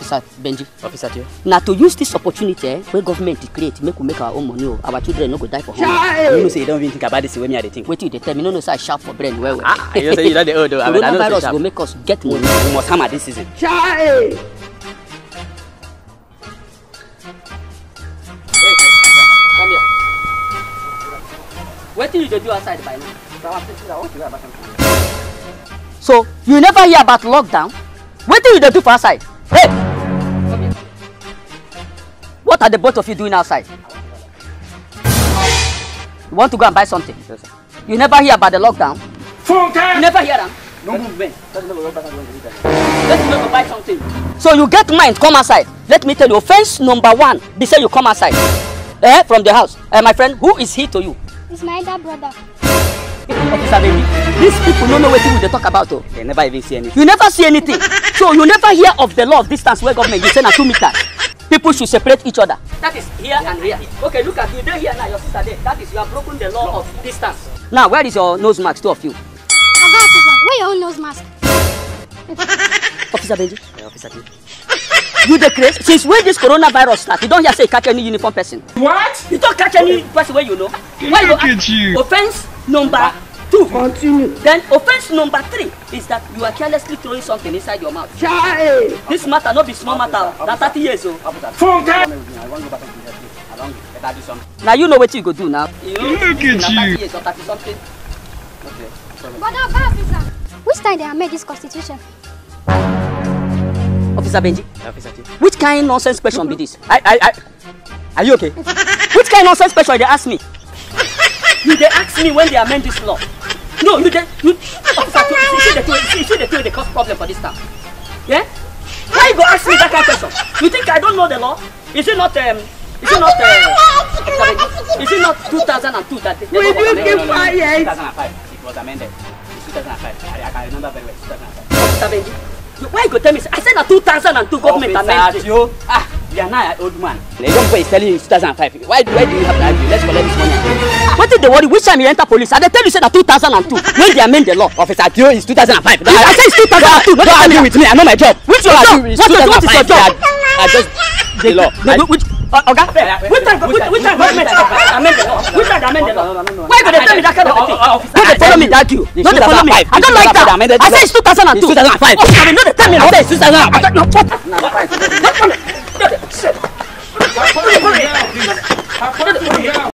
officer benji officer tio na to use this opportunity eh, wey government dey create make we make our own money o oh. our children no go die for hunger. you know say you don even think about this wey me i dey think. wetin you dey tell me no know say i sharp for brain well well. ah you know say you don dey old o oh. i mean i know say you sharp. coronavirus go make us get money. we must hammer this season. Chai! wetin you dey do outside by now. so you never hear about lockdown wetin you dey do for outside. Hey! What are the both of you doing outside? You want to go and buy something? Yes, sir. You never hear about the lockdown? Funke! You never hear them? No movement. Let me go buy something. So you get mind, come outside. Let me tell you, offense number one, they say you come outside. Eh, from the house. Eh, my friend, who is he to you? It's my elder brother. Officer baby, these people don't know wetin They talk about Oh. They never even see anything. You never see anything. so you never hear of the law of distance where government you say na two meters people should separate each other. That is here and here. Okay, look at you. They're here now, your sister there. That is, you have broken the law of distance. Now, where is your nose mask, two of you? Oga officer, where your own nose mask? officer Benji. Yeah, officer Benji. you the craze? Since when this coronavirus start, you don't hear say catch any uniform person. What? You don't catch any person where you know. Where look you, at you. Offense number Two. Continue. Then offence number three is that you are carelessly throwing something inside your mouth. Chai. This matter no be small matter. Na thirty years o. Oh. Funke. Na you know wetin you go do now. Look at you. Brother Oga officer, which time they amend this constitution? Officer Benji. Officer Which kind nonsense question be this? I I I. Are you okay? which kind nonsense question they ask me? You dey ask me when they amend this law? No, you at you. Officer, you see the thing? you see the thing they cause problem for this town. Yeah? Why you go ask me that kind of question? You think I don't know the law? Is it not um? Is it not uh, sorry, um, Is it not 2002 that? Will you give fire? 2005. It was amended. 2005. I, I can remember very well. 2005. Why you go tell me? I said na 2002 government amended. you Ah, you are now an old man. The young boy is telling you 2005. Why, why do you have to argue? Let's collect this money dey worry which time you enter police i dey tell you say na two thousand and two when they amend the law. officer adio is two thousand and five. i say it's two thousand and two no dey argue with me i know my job. which your job what is what is your job. i just the law. no which oga which time which time amend the law which time amend the law why you go dey tell me that kind of thing. no dey follow me dey argue no dey follow me i don like that i say it's two thousand and two. it's two thousand and five. no dey tell me na say it's two thousand and five.